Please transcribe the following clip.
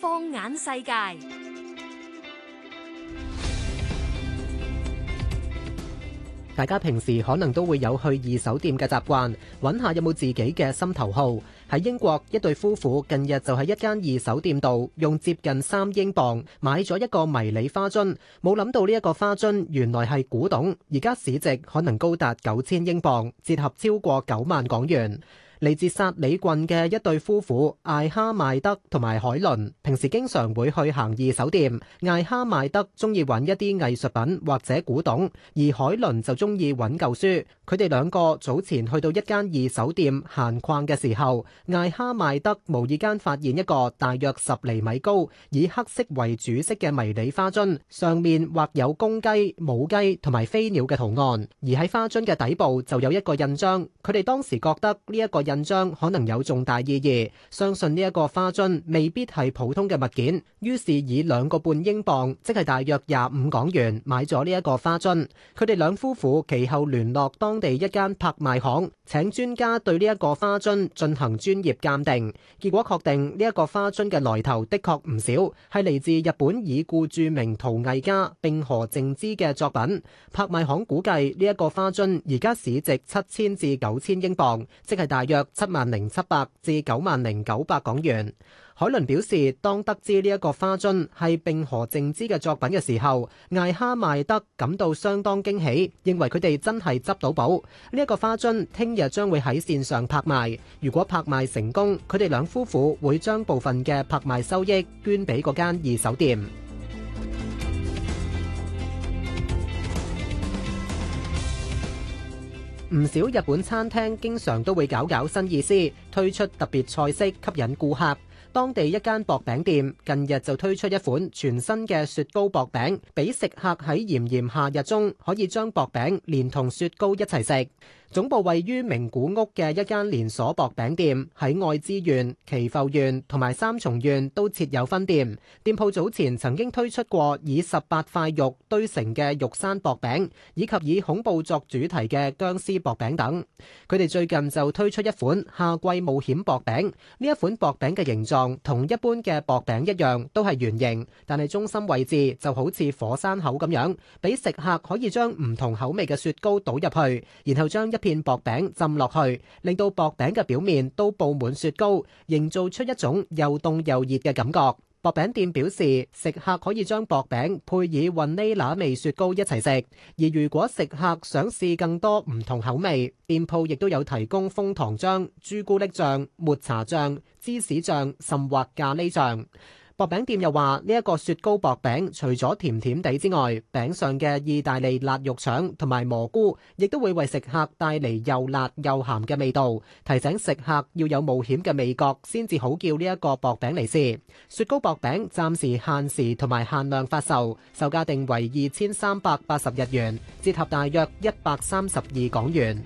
放眼世界，大家平時可能都會有去二手店嘅習慣，揾下有冇自己嘅心頭好。喺英國，一對夫婦近日就喺一間二手店度，用接近三英鎊買咗一個迷你花樽，冇諗到呢一個花樽原來係古董，而家市值可能高達九千英鎊，折合超過九萬港元。嚟自薩里郡嘅一對夫婦艾哈邁德同埋海倫，平時經常會去行二手店。艾哈邁德中意揾一啲藝術品或者古董，而海倫就中意揾舊書。佢哋兩個早前去到一間二手店閒逛嘅時候，艾哈邁德無意間發現一個大約十厘米高、以黑色為主色嘅迷你花樽，上面畫有公雞、母雞同埋飛鳥嘅圖案，而喺花樽嘅底部就有一個印章。佢哋當時覺得呢一個印印章可能有重大意義，相信呢一個花樽未必係普通嘅物件，於是以兩個半英鎊，即係大約廿五港元，買咗呢一個花樽。佢哋兩夫婦其後聯絡當地一間拍賣行，請專家對呢一個花樽進行專業鑑定，結果確定呢一個花樽嘅來頭的確唔少，係嚟自日本已故著名陶藝家並河靖之嘅作品。拍賣行估計呢一個花樽而家市值七千至九千英鎊，即係大約。七萬零七百至九萬零九百港元。海倫表示，當得知呢一個花樽係並河靜之嘅作品嘅時候，艾哈麥德感到相當驚喜，認為佢哋真係執到寶。呢、這、一個花樽聽日將會喺線上拍賣，如果拍賣成功，佢哋兩夫婦會將部分嘅拍賣收益捐俾嗰間二手店。唔少日本餐廳經常都會搞搞新意思，推出特別菜式吸引顧客。當地一間薄餅店近日就推出一款全新嘅雪糕薄餅，俾食客喺炎炎夏日中可以將薄餅連同雪糕一齊食。總部位於名古屋嘅一間連鎖薄餅店喺愛知縣、岐阜縣同埋三重縣都設有分店。店鋪早前曾經推出過以十八塊肉堆成嘅肉山薄餅，以及以恐怖作主題嘅殭屍薄餅等。佢哋最近就推出一款夏季冒險薄餅，呢一款薄餅嘅形狀，同一般嘅薄餅一樣，都係圓形，但係中心位置就好似火山口咁樣，俾食客可以將唔同口味嘅雪糕倒入去，然後將一片薄餅浸落去，令到薄餅嘅表面都佈滿雪糕，營造出一種又凍又熱嘅感覺。薄餅店表示，食客可以將薄餅配以雲呢拿味雪糕一齊食，而如果食客想試更多唔同口味，店鋪亦都有提供蜂糖漿、朱古力醬、抹茶醬、芝士醬甚或咖喱醬。薄餅店又話：呢一個雪糕薄餅，除咗甜甜地之外，餅上嘅意大利辣肉腸同埋蘑菇，亦都會為食客帶嚟又辣又鹹嘅味道。提醒食客要有冒險嘅味覺，先至好叫呢一個薄餅嚟試。雪糕薄餅暫時限時同埋限量發售，售價定為二千三百八十日元，折合大約一百三十二港元。